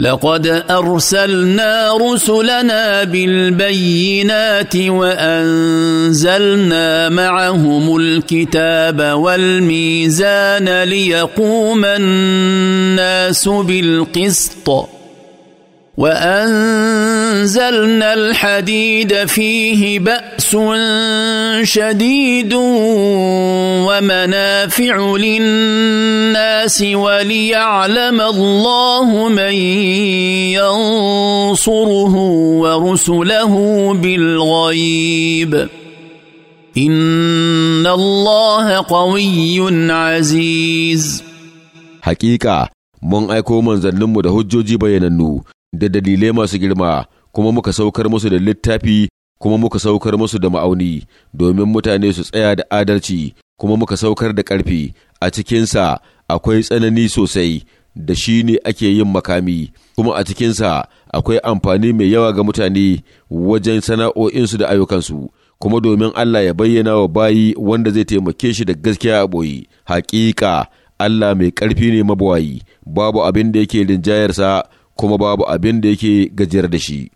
لقد ارسلنا رسلنا بالبينات وانزلنا معهم الكتاب والميزان ليقوم الناس بالقسط وانزلنا أنزلنا الحديد فيه بأس شديد ومنافع للناس وليعلم الله من ينصره ورسله بالغيب إن الله قوي عزيز حقيقة من أكو منزل نمو ده حجوجي بيننو da dalilai masu girma kuma muka saukar musu da littafi kuma muka saukar musu da ma'auni domin mutane su tsaya da adalci kuma muka saukar da ƙarfi a cikinsa akwai tsanani sosai da shi ne ake yin makami kuma a cikinsa akwai amfani mai yawa ga mutane wajen sana'o'insu da ayyukansu kuma domin Allah ya bayyana wa bayi wanda zai taimake shi da gaskiya a ɓoye haƙiƙa Allah mai ƙarfi ne mabawayi babu abin da yake rinjayarsa kuma babu abin da yake gajiyar da shi